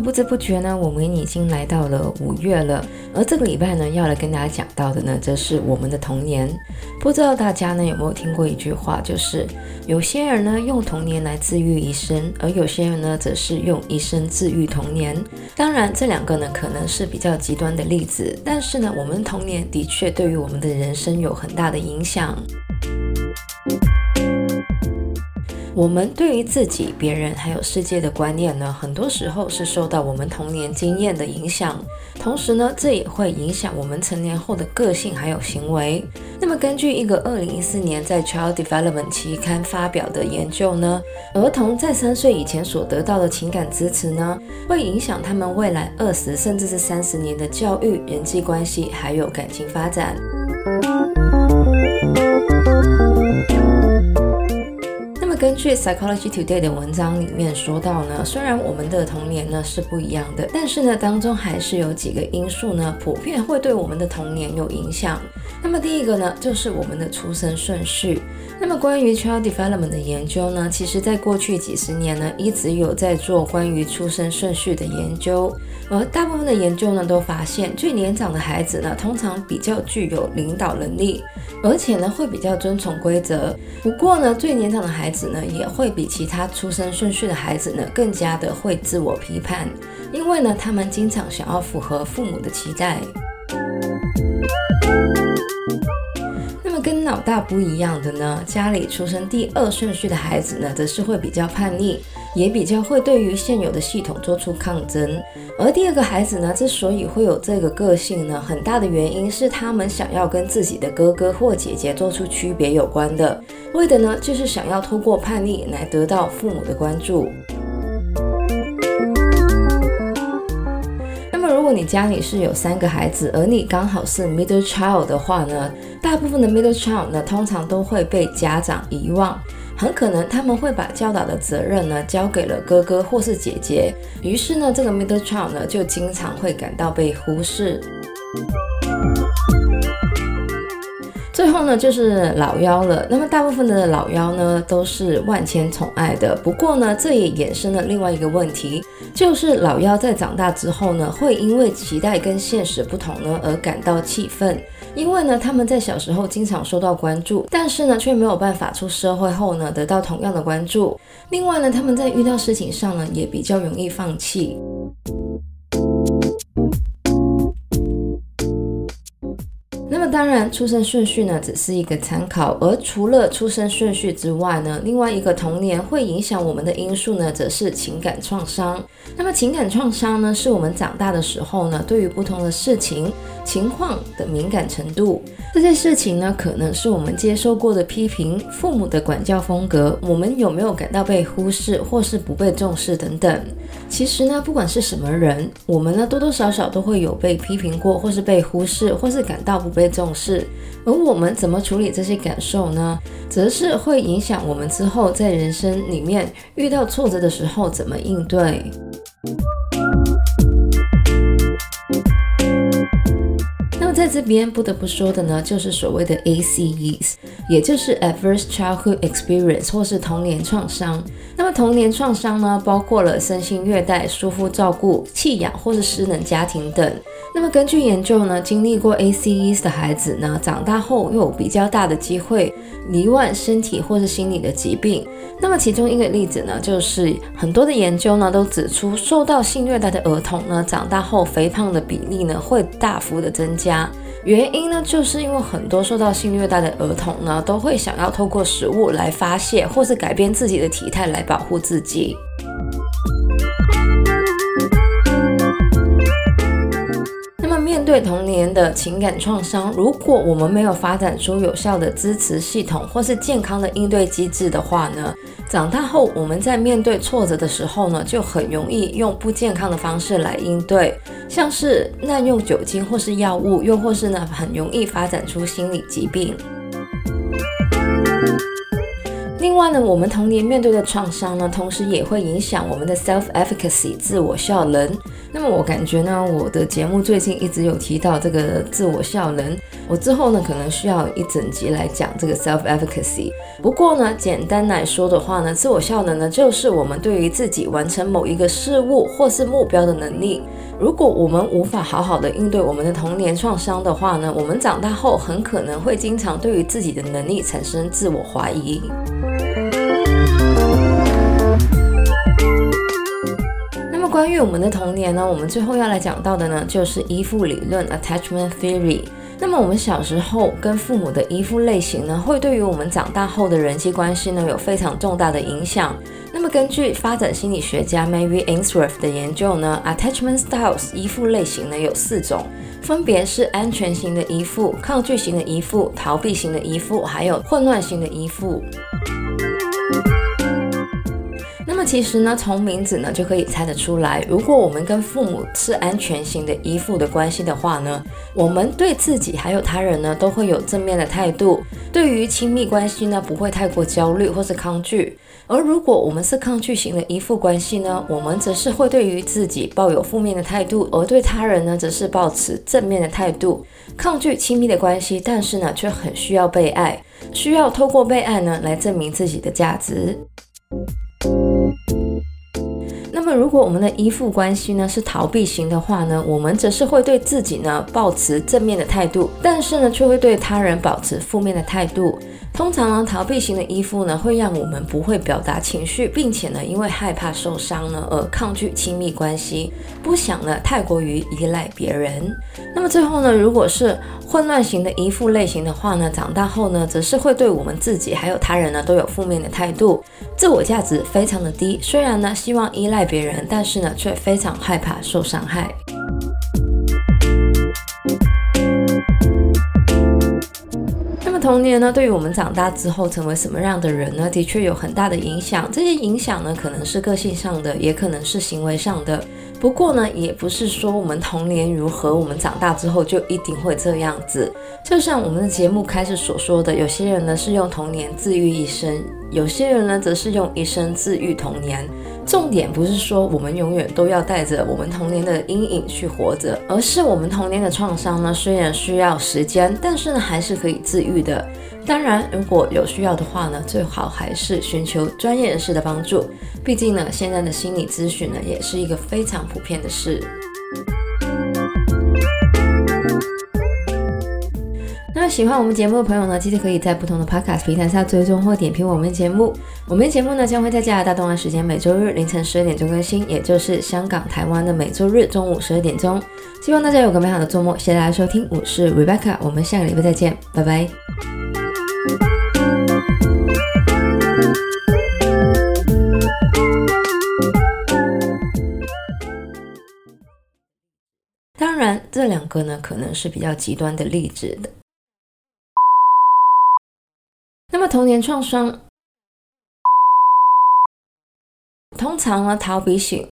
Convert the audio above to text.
不知不覺呢，我們已經來到了五月了。而這個禮拜呢，要來跟大家講到的呢，則是我們的童年。不知道大家呢有沒有聽過一句話，就是有些人呢用童年來治癒一生，而有些人呢則是用一生治癒童年。當然，這兩個呢可能是比較極端的例子，但是呢，我們童年的確對於我們的人生有很大的影響。我們對於自己、別人還有世界的觀念呢，很多時候是受到我們童年經驗的影響，同時呢，這也會影響我們成年後的個性還有行為。那麼，根據一個二零一四年在《Child Development》期刊發表的研究呢，兒童在三歲以前所得到的情感支持呢，會影響他們未來二十甚至是三十年的教育、人際關係還有感情發展。根據 Psychology Today 的文章裡面說到呢，雖然我們的童年呢是不一樣的，但是呢當中還是有幾個因素呢，普遍會對我們的童年有影響。那麼第一個呢，就是我們的出生順序。那麼關於 Child Development 的研究呢，其實在過去幾十年呢，一直有在做關於出生順序的研究，而大部分的研究呢，都發現最年長的孩子呢，通常比較具有領導能力，而且呢會比較遵從規則。不過呢，最年長的孩子呢也會比其他出生順序的孩子呢更加的會自我批判，因為呢他們經常想要符合父母的期待。那麼跟老大不一樣的呢，家裡出生第二順序的孩子呢則是會比較叛逆。也比較會對於現有的系統做出抗爭。而第二個孩子呢，之所以會有這個個性呢，很大的原因是他們想要跟自己的哥哥或姐姐做出區別有關的，為的呢就是想要通過叛逆來得到父母的關注。 那麼，如果你家裡是有三個孩子，而你剛好是 middle child 的話呢，大部分的 middle child 呢，通常都會被家長遺忘。很可能他們會把教導的責任呢交給了哥哥或是姐姐，於是呢，這個 middle child 呢就經常會感到被忽視。最後呢，就是老幺了。那麼大部分的老幺呢，都是萬千寵愛的。不過呢，這也衍生了另外一個問題，就是老幺在長大之後呢，會因為期待跟現實不同呢而感到氣憤。因為呢，他們在小時候經常受到關注，但是呢，卻沒有辦法出社會後呢得到同樣的關注。另外呢，他們在遇到事情上呢也比較容易放棄。當然，出生順序呢只是一個參考，而除了出生順序之外呢，另外一個童年會影響我們的因素呢，則是情感創傷。那麼，情感創傷呢，是我們長大的時候呢，對於不同的事情。情況的敏感程度，這些事情呢，可能是我們接受過的批評，父母的管教風格，我們有沒有感到被忽視或是不被重視等等。其實呢，不管是什麼人，我們呢多多少少都會有被批評過，或是被忽視，或是感到不被重視。而我們怎麼處理這些感受呢，則是會影響我們之後在人生裡面遇到挫折的時候怎麼應對。在這邊不得不說的呢，就是所謂的 ACEs，也就是 Adverse Childhood Experience，或是童年創傷。那麼童年創傷呢，包括了身心虐待、疏忽照顧、棄養或是失能家庭等。那麼根據研究呢，經歷過 ACEs 的孩子呢，長大後又有比較大的機會罹患身體或是心理的疾病。那麼其中一個例子呢，就是很多的研究呢，都指出受到性虐待的兒童呢，長大後肥胖的比例呢，會大幅的增加。原因呢，就是因為很多受到性虐待的兒童呢，都會想要透過食物來發洩，或是改變自己的體態來保護自己。那麼，面對童年的情感創傷，如果我們沒有發展出有效的支持系統，或是健康的應對機制的話呢，長大後，我們在面對挫折的時候呢，就很容易用不健康的方式來應對，像是濫用酒精或是藥物，又或是呢，很容易發展出心理疾病。另外呢，我們童年面對的創傷呢，同時也會影響我們的 self efficacy 自我效能。那麼我感覺呢，我的節目最近一直有提到這個自我效能，我之後呢可能需要一整集來講這個 self efficacy。不過呢，簡單來說的話呢，自我效能呢就是我們對於自己完成某一個事物或是目標的能力。如果我們無法好好的應對我們的童年創傷的話呢，我們長大後很可能會經常對於自己的能力產生自我懷疑。關於我們的童年呢，我們最後要來講到的呢，就是依附理論 （attachment theory）。那麼我們小時候跟父母的依附類型呢，會對於我們長大後的人際關係呢，有非常重大的影響。那麼根據發展心理學家 Mary Ainsworth 的研究呢，attachment styles 依附類型呢有四種，分別是安全型的依附、抗拒型的依附、逃避型的依附，還有混亂型的依附。其實呢，從名字呢就可以猜得出來。如果我們跟父母是安全型的依附的關係的話呢，我們對自己還有他人呢都會有正面的態度。對於親密關係呢，不會太過焦慮或是抗拒。而如果我們是抗拒型的依附關係呢，我們則是會對於自己抱有負面的態度，而對他人呢則是抱持正面的態度，抗拒親密的關係，但是呢卻很需要被愛，需要透過被愛呢來證明自己的價值。如果我們的依附關係呢是逃避型的話呢，我們則是會對自己呢保持正面的態度，但是呢卻會對他人保持負面的態度。通常呢，逃避型的依附呢，會讓我們不會表達情緒，並且呢，因為害怕受傷呢，而抗拒親密關係，不想呢，太過於依賴別人。那麼最後呢，如果是混亂型的依附類型的話呢，長大後呢，則是會對我們自己還有他人呢，都有負面的態度，自我價值非常的低。雖然呢，希望依賴別人，但是呢，卻非常害怕受傷害。童年呢，對於我們長大之後成為什麼樣的人呢，的確有很大的影響。這些影響呢，可能是個性上的，也可能是行為上的。不過呢，也不是說我們童年如何，我們長大之後就一定會這樣子。就像我們的節目開始所說的，有些人呢，是用童年治癒一生，有些人呢，則是用一生治癒童年。重點不是說我們永遠都要帶着我們童年的陰影去活着，而是我們童年的創傷呢，雖然需要時間，但是呢還是可以治癒的。當然，如果有需要的話呢，最好還是尋求專業人士的幫助。畢竟呢，現在的心理諮詢呢也是一個非常普遍的事。喜歡我們節目的朋友呢，記得可以在不同的 podcast 平台上追蹤或點評我們的節目。我們的節目呢將會在加拿大東岸時間每周日凌晨十二點鐘更新，也就是香港、台灣的每周日中午十二點鐘。希望大家有個美好的周末，謝謝大家收聽，我是 Rebecca，我們下個禮拜再見，拜拜。當然，這兩個呢可能是比較極端的例子的。那麼童年創傷，通常呢逃避性。